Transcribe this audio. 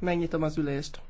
Megnyitom az ülést.